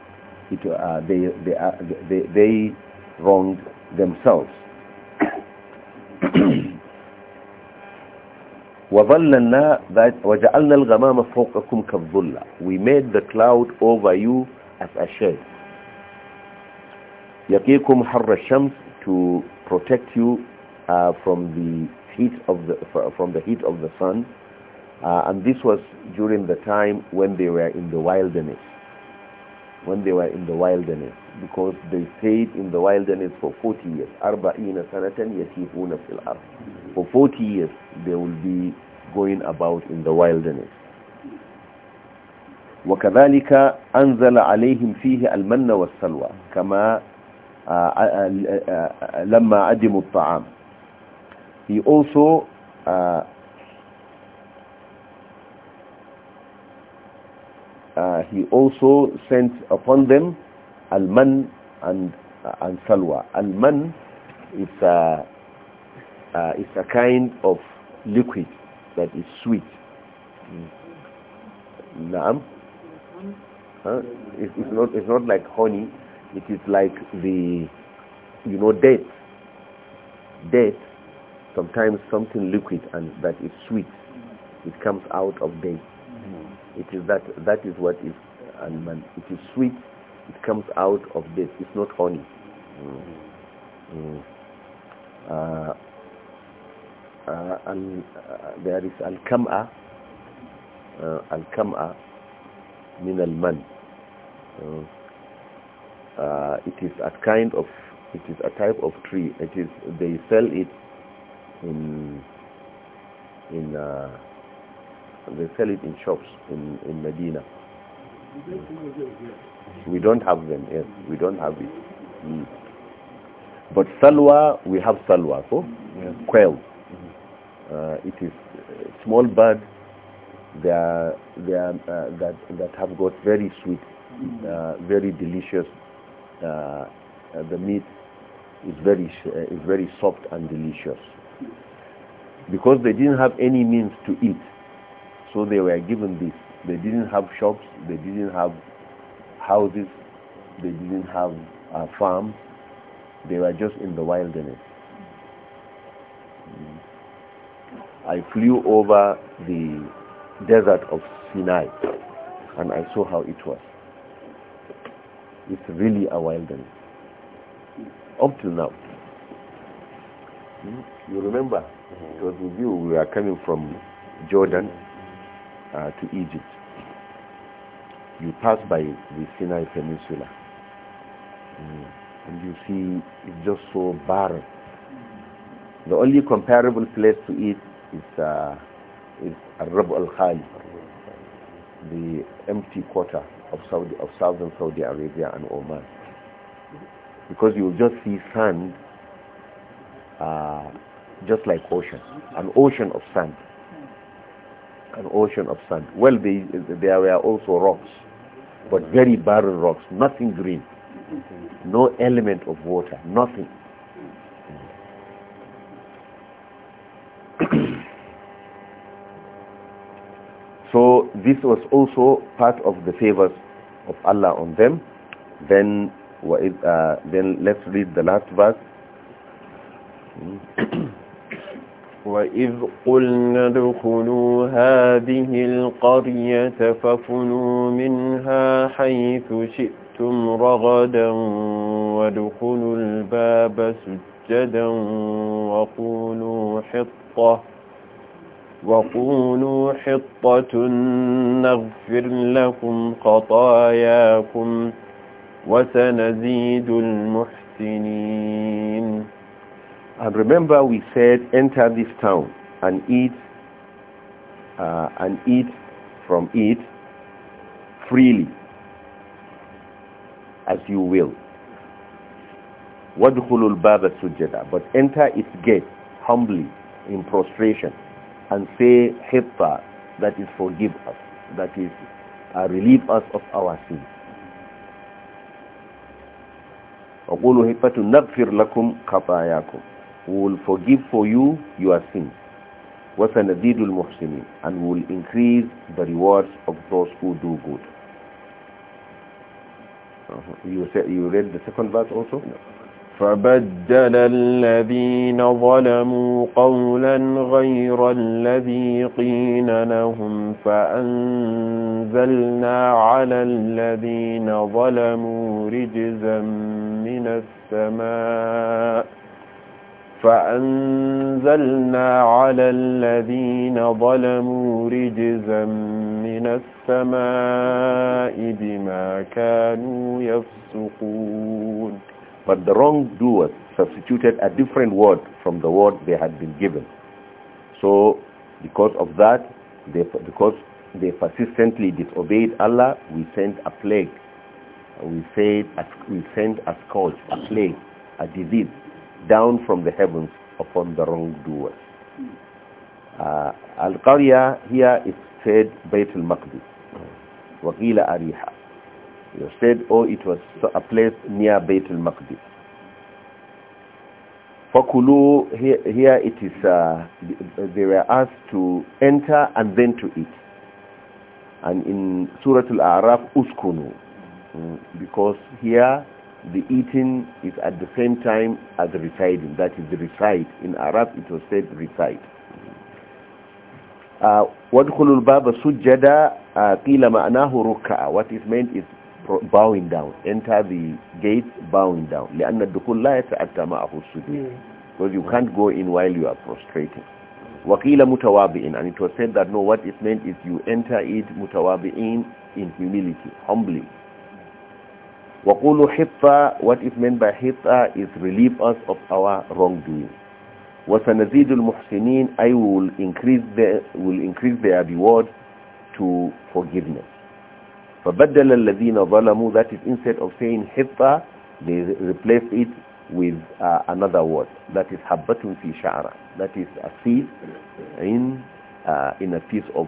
it, uh, they, they, uh, they, they wronged themselves وظللنا وجعلنا الغمام فوقكم كالظلة we made the cloud over you as a shade يقيكم حر الشمس to protect you uh, from the heat of the from the heat of the sun uh, and this was during the time when they were in the wilderness. When they were in the wilderness, because they stayed in the wilderness for 40 years. For 40 years, they will be going about in the wilderness. وكذلك أنزل عليهم فيه المن والسلوى كما لما أدموا الطعام. He also uh, uh, he also sent upon them al-man and uh, and salwa. Al-man is a uh, is a kind of liquid that is sweet. Mm. Naam. Huh? It, it's not it's not like honey. It is like the you know date. Date. Sometimes something liquid and that is sweet. It comes out of date. It is that that is what is almond. It is sweet. It comes out of this. It's not honey. Mm. Mm. Uh, uh, and uh, there is al-kam'a uh, al-kam'a min al-man uh, uh it is a kind of it is a type of tree it is they sell it in in uh, they sell it in shops in, in Medina. We don't have them, yes. We don't have it. Mm. But salwa, we have salwa, so yes. quail. Uh, it is uh, small bird they are, they are, uh, that, that have got very sweet, uh, very delicious. Uh, uh, the meat is very, is very soft and delicious. Because they didn't have any means to eat, so they were given this. They didn't have shops, they didn't have houses, they didn't have a farms. They were just in the wilderness. I flew over the desert of Sinai and I saw how it was. It's really a wilderness. Up till now. Hmm? You remember, it was with you, we were coming from Jordan uh, to Egypt, you pass by the Sinai Peninsula mm. and you see it's just so barren. The only comparable place to it is uh, is Arab al Khali, the empty quarter of Saudi of southern Saudi Arabia and Oman, because you will just see sand, uh, just like ocean, an ocean of sand an ocean of sand. Well, they, there were also rocks, but very barren rocks, nothing green, no element of water, nothing. so this was also part of the favors of Allah on them. Then, uh, then let's read the last verse. وإذ قلنا ادخلوا هذه القرية فكلوا منها حيث شئتم رغدا وادخلوا الباب سجدا وقولوا حطة وقولوا حطة نغفر لكم خطاياكم وسنزيد المحسنين And remember we said, enter this town and eat, uh, and eat from it freely, as you will. وَادْخُلُوا الْبَابَ سُجَّدًا But enter its gate humbly, in prostration, and say, Hitta, that is forgive us, that is uh, relieve us of our sins. وقولوا هبة نغفر لكم will forgive for you your sins وَسَنَدِيدُ الْمُحْسِنِينَ and will increase the rewards of those who do good you, say, you read the second verse also? No. فبدل الذين ظلموا قولا غير الذي قيل لهم فأنزلنا على الذين ظلموا رجزا من السماء فأنزلنا على الذين ظلموا رجزا من السماء بما كانوا يفسقون But the wrongdoers substituted a different word from the word they had been given. So because of that, they, because they persistently disobeyed Allah, we sent a plague. We, said, we sent a scourge, a plague, a disease down from the heavens upon the wrongdoers. Uh, Al-Qarya here is said Bayt al-Maqdis. Waqila Ariha. You said, oh, it was a place near Bayt al-Maqdis. Fakulu, here, here it is, uh, they were asked to enter and then to eat. And in Surah Al-A'raf, uskunu. Mm, because here the eating is at the same time as the reciting. That is the recite. In Arab it was said recite. الْبَابَ قِيلَ رُكَّعَ What is meant is bowing down. Enter the gate bowing down. لأن لا hmm. Because you can't go in while you are prostrating. وَقِيلَ And it was said that no, what it meant is you enter it mutawabi'in in humility, humbly. وَقُولُوا What is meant by حِطَّة is relieve us of our wrongdoing. وَسَنَزِيدُ الْمُحْسِنِينَ I will increase, the will increase their reward to forgiveness. فَبَدَّلَ الَّذِينَ ظَلَمُوا That is instead of saying حِطَّة, they replace it with uh, another word. That is habbatun fi sha'ra. That is a seed in, uh, in a piece of,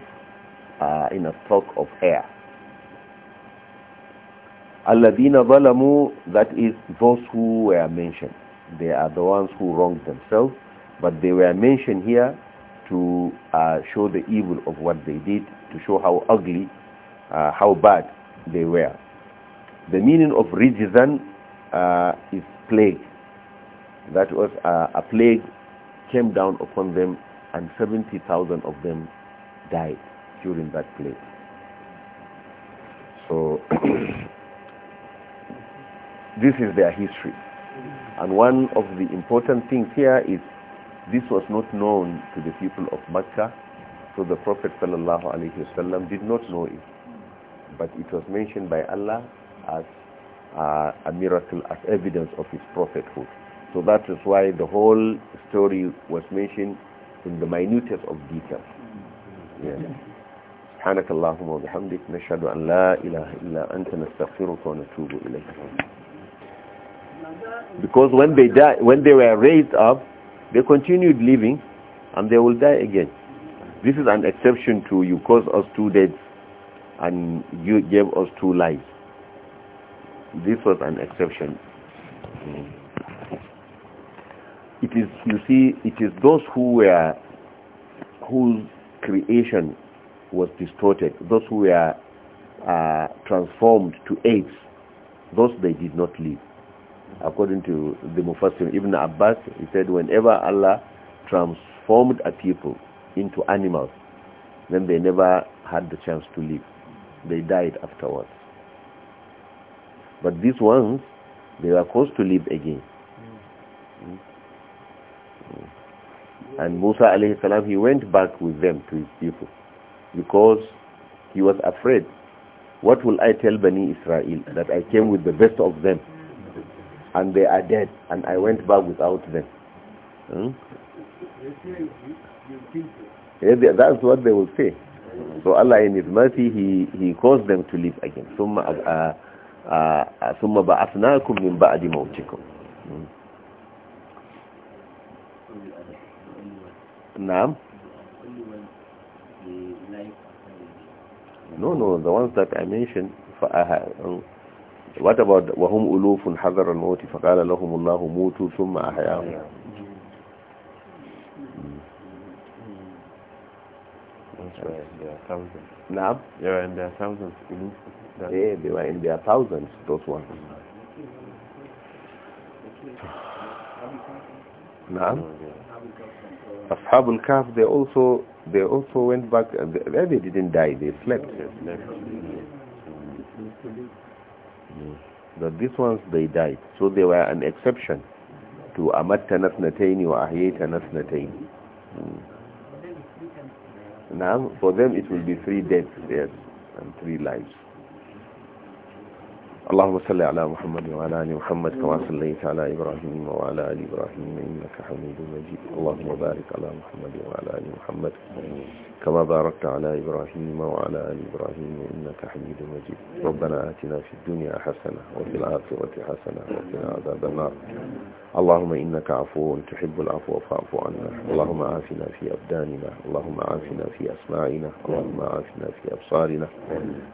uh, in a stalk of hair. Alladina zalamu, that is those who were mentioned. They are the ones who wronged themselves, but they were mentioned here to uh, show the evil of what they did, to show how ugly, uh, how bad they were. The meaning of rijzan uh, is plague. That was uh, a plague came down upon them and 70,000 of them died during that plague. So This is their history. And one of the important things here is this was not known to the people of Mecca, so the Prophet ﷺ did not know it. But it was mentioned by Allah as uh, a miracle, as evidence of his prophethood. So that is why the whole story was mentioned in the minutest of detail. سبحانك اللهم وبحمدك نشهد أن لا إله إلا أنت نستغفرك ونتوب إليك because when they, die, when they were raised up, they continued living and they will die again. This is an exception to you caused us two deaths and you gave us two lives. This was an exception. It is, you see, it is those who were, whose creation was distorted, those who were uh, transformed to apes, those they did not live according to the Mufassim Ibn Abbas, he said, whenever Allah transformed a people into animals, then they never had the chance to live. They died afterwards. But these ones, they were caused to live again. Hmm? Hmm. And Musa alayhi salam, he went back with them to his people because he was afraid. What will I tell Bani Israel that I came with the best of them? and they are dead and I went back without them. Hmm? Yeah, that's what they will say. So Allah in His mercy, He, he caused them to live again. ثم ثم بعثناكم من بعد موتكم. نعم. No, no, the ones that I mentioned, uh, what about وهم ألوف حذر الموت فقال لهم الله موتوا ثم أحياهم Now? They were in their thousands. Yeah, they were in their thousands, those ones. Now? Ashab al-Kahf, they also, they also went back, they, they didn't die, they slept. They slept. that these ones they died so they were an exception to amatta nasnatayn wa ahyayta nasnatayn hmm. now for them it will be three deaths yes and three lives اللهم صل على محمد وعلى ال محمد كما صليت على ابراهيم وعلى ال ابراهيم انك حميد مجيد اللهم بارك على محمد وعلى ال محمد كما باركت على ابراهيم وعلى ال ابراهيم انك حميد مجيد ربنا اتنا في الدنيا حسنه وفي الاخره حسنه وقنا عذاب النار اللهم انك عفو تحب العفو فاعف عنا اللهم عافنا في ابداننا اللهم عافنا في اسماعنا اللهم عافنا في ابصارنا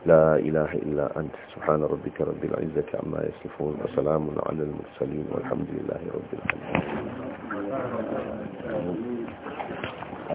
لا اله الا انت سبحان ربك رب رب العزة عما يصفون وسلام على المرسلين والحمد لله رب العالمين